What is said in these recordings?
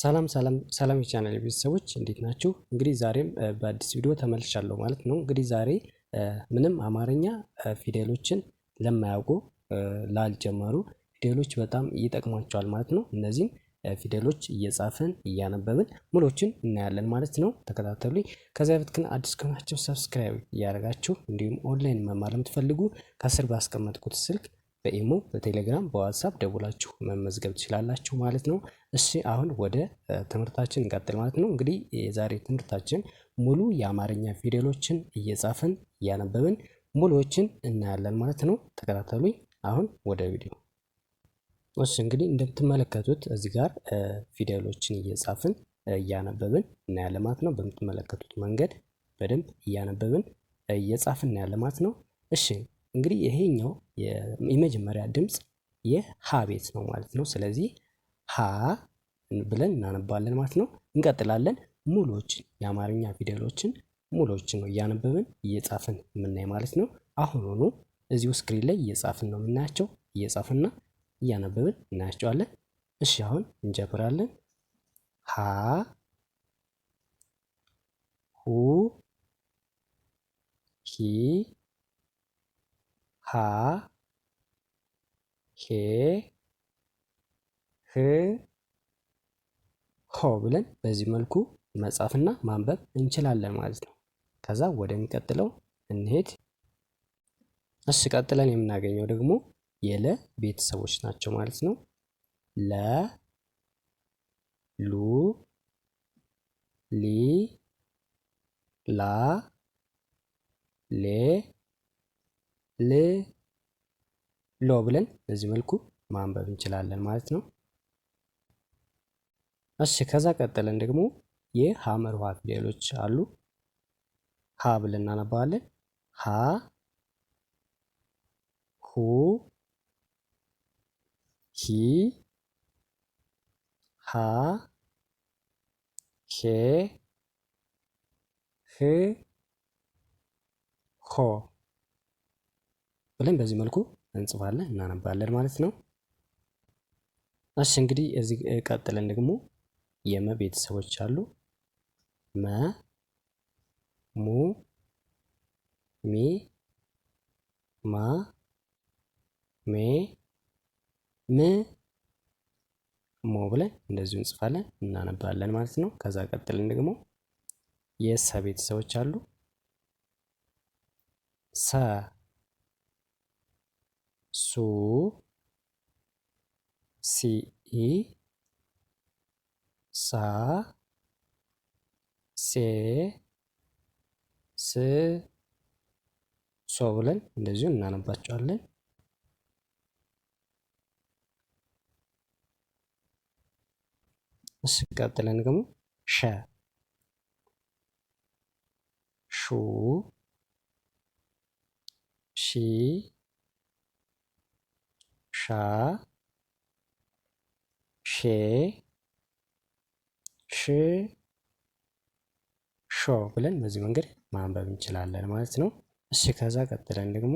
ሰላም ሰላም ሰላም የቻናል ቤተሰቦች እንዴት ናችሁ? እንግዲህ ዛሬም በአዲስ ቪዲዮ ተመልሻለሁ ማለት ነው። እንግዲህ ዛሬ ምንም አማርኛ ፊደሎችን ለማያውቁ ላልጀመሩ ፊደሎች በጣም ይጠቅሟቸዋል ማለት ነው። እነዚህም ፊደሎች እየጻፍን እያነበብን ሙሎችን እናያለን ማለት ነው። ተከታተሉ። ከዚያ በፊት ግን አዲስ ከሆናችሁ ሰብስክራይብ እያደረጋችሁ እንዲሁም ኦንላይን መማር ለምትፈልጉ ከስር ባስቀመጥኩት ስልክ በኢሞ በቴሌግራም በዋትሳፕ ደውላችሁ መመዝገብ ትችላላችሁ ማለት ነው። እሺ አሁን ወደ ትምህርታችን እንቀጥል ማለት ነው። እንግዲህ የዛሬ ትምህርታችን ሙሉ የአማርኛ ፊደሎችን እየጻፍን እያነበብን ሙሉዎችን እናያለን ማለት ነው። ተከታተሉኝ። አሁን ወደ ቪዲዮ። እሺ እንግዲህ እንደምትመለከቱት እዚህ ጋር ፊደሎችን እየጻፍን እያነበብን እናያለን ማለት ነው። በምትመለከቱት መንገድ በደንብ እያነበብን እየጻፍን እናያለን ማለት ነው። እሺ እንግዲህ ይሄኛው የመጀመሪያ ድምፅ የሀ ቤት ነው ማለት ነው። ስለዚህ ሀ ብለን እናነባለን ማለት ነው። እንቀጥላለን ሙሎችን የአማርኛ ፊደሎችን ሙሎችን ነው እያነበብን እየጻፍን የምናይ ማለት ነው። አሁን ሆኖ እዚሁ ስክሪን ላይ እየጻፍን ነው የምናያቸው። እየጻፍና እያነበብን እናያቸዋለን። እሺ አሁን እንጀምራለን። ሀ ሁ ሂ ሀ ሄ ህ ሆ ብለን በዚህ መልኩ መጻፍና ማንበብ እንችላለን ማለት ነው። ከዛ ወደሚቀጥለው እንሄድ። እሺ ቀጥለን የምናገኘው ደግሞ የለ ቤተሰቦች ናቸው ማለት ነው። ለ ሉ ሊ ላ ሌ ል ሎ ብለን በዚህ መልኩ ማንበብ እንችላለን ማለት ነው። እሺ ከዛ ቀጥለን ደግሞ የሐመር ውሃ ፊደሎች አሉ። ሀ ብለን እናነባዋለን። ሀ ሁ ሂ ሃ ሄ ህ ሆ ብለን በዚህ መልኩ እንጽፋለን እናነባለን ማለት ነው። እሺ እንግዲህ እዚህ ቀጥለን ደግሞ የመ ቤተሰቦች አሉ። መ፣ ሙ፣ ሚ፣ ማ፣ ሜ፣ ም፣ ሞ ብለን እንደዚሁ እንጽፋለን እናነባለን ማለት ነው። ከዛ ቀጥለን ደግሞ የሰ ቤተሰቦች አሉ። ሰ ሱ ሲኢ ሳ ሴ ስ ሶ ብለን እንደዚሁ እናነባቸዋለን። ስቀጥለን ደግሞ ሸ ሹ ሺ ሻ ሼ ሽ ሾ ብለን በዚህ መንገድ ማንበብ እንችላለን ማለት ነው። እሺ ከዛ ቀጥለን ደግሞ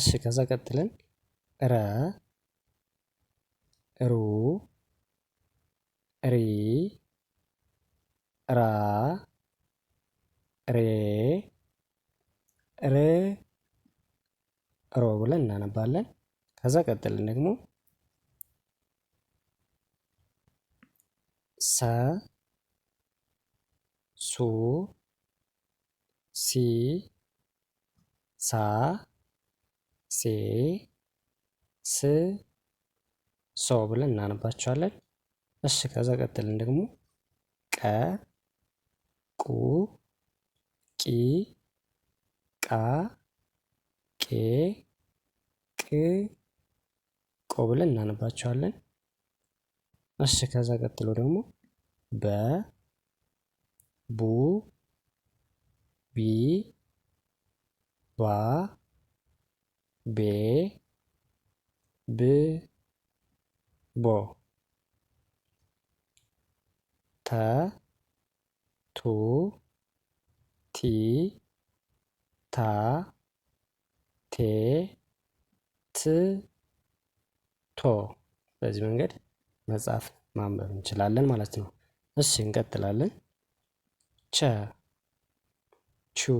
እሺ ከዛ ቀጥለን ረ ሩ ሪ ራ ሬ ር ሮ ብለን እናነባለን። ከዛ ቀጥልን ደግሞ ሰ ሱ ሲ ሳ ሴ ስ ሶ ብለን እናነባቸዋለን። እሺ ከዛ ቀጥልን ደግሞ ቀ ቁ ቂ ቃ ቄ ቆ ብለን እናነባቸዋለን። እሺ ከዛ ቀጥሎ ደግሞ በ ቡ ቢ ባ ቤ ብ ቦ ተ ቱ ቲ ታ ቴ ትቶ በዚህ መንገድ መጽሐፍ ማንበብ እንችላለን ማለት ነው። እሺ እንቀጥላለን። ቸ ቹ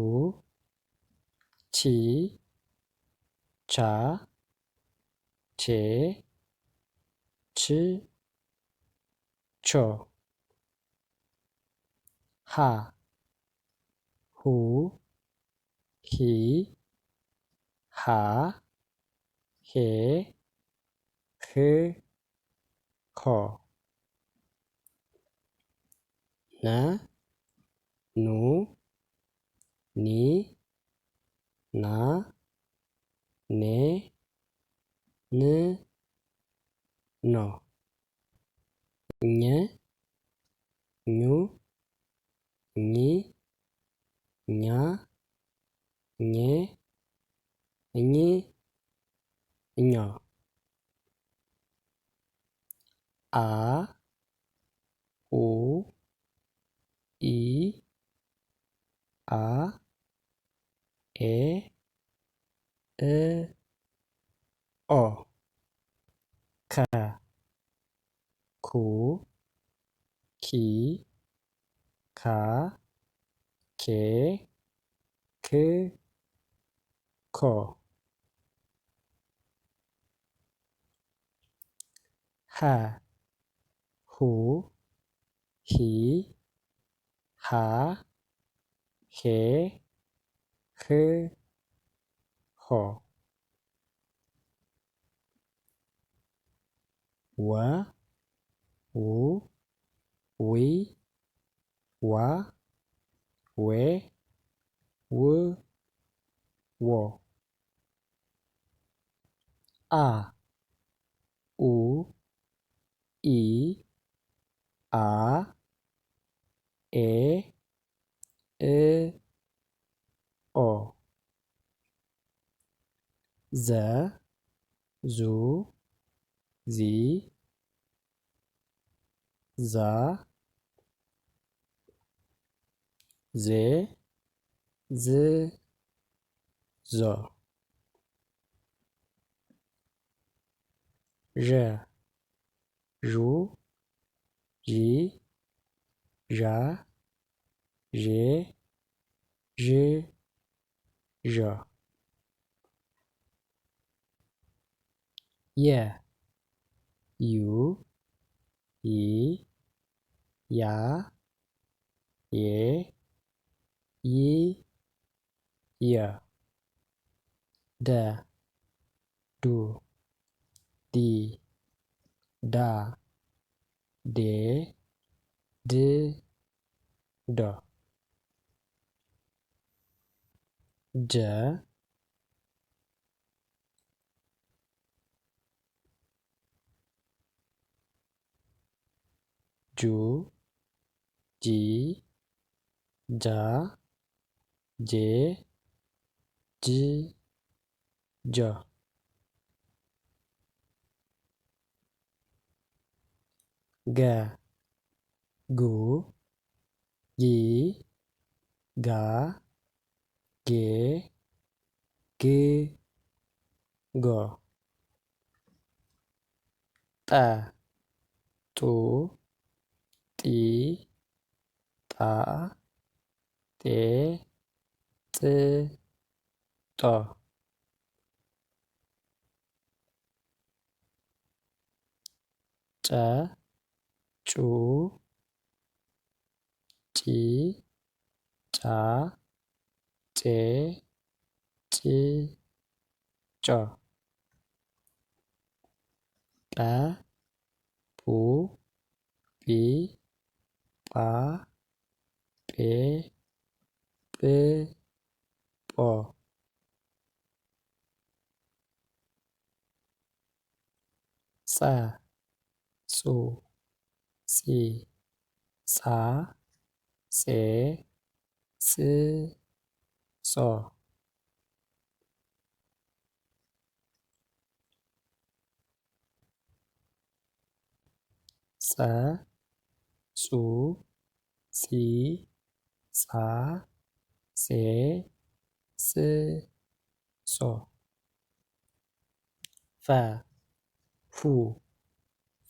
ቺ ቻ ቼ ች ቾ ሃ ሁ ሂ ሃ ሄ ህ ኮ ነ ኑ ኒ ና ኔ ን ኖ ኘ ኙ ኚ ኛ ኜ እኚ እኛ አ ኡ ኢ አ ኤ እ ኦ ከ ኩ ኪ ካ ኬ ክ ኮ ሀ ሁ ሂ ሃ ሄ ህ ሆ ወ ው ዊ ዋ ዌ ው ዎ አ ኢ አ ኤ እ ኦ ዘ ዙ ዚ ዛ ዜ ዝ ዞ ዠ ዡ ዢ ዣ ዤ ዥ ዣ የ ዩ ይ ያ ዬ ይ የ ደ ዱ ዲ ዳ ዴ ድ ዶ ጀ ጁ ጂ ጃ ጄ ጅ ጃ ገ ጉ ጊ ጋ ጌ ግ ጎ ጠ ጡ ጢ ጣ ጤ ጥ ጦ ጨ ጩ ጪ ጫ ጬ ጭ ጮ ጰ ጱ ጲ ጳ ጴ ጵ ጶ ጸ ጹ 四、三、四、四、四、三、四、四、四、三、五、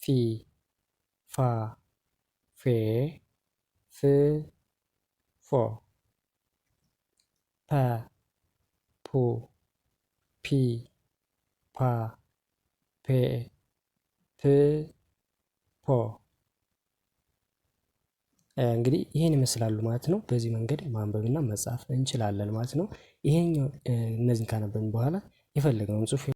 四。fa fe se fo pa pu pi pa pe te po eh, እንግዲህ ይህን ይመስላሉ ማለት ነው። በዚህ መንገድ ማንበብና መጻፍ እንችላለን ማለት ነው። ይሄኛው እነዚህን ካነበብን በኋላ የፈለግነውን ጽሁፍ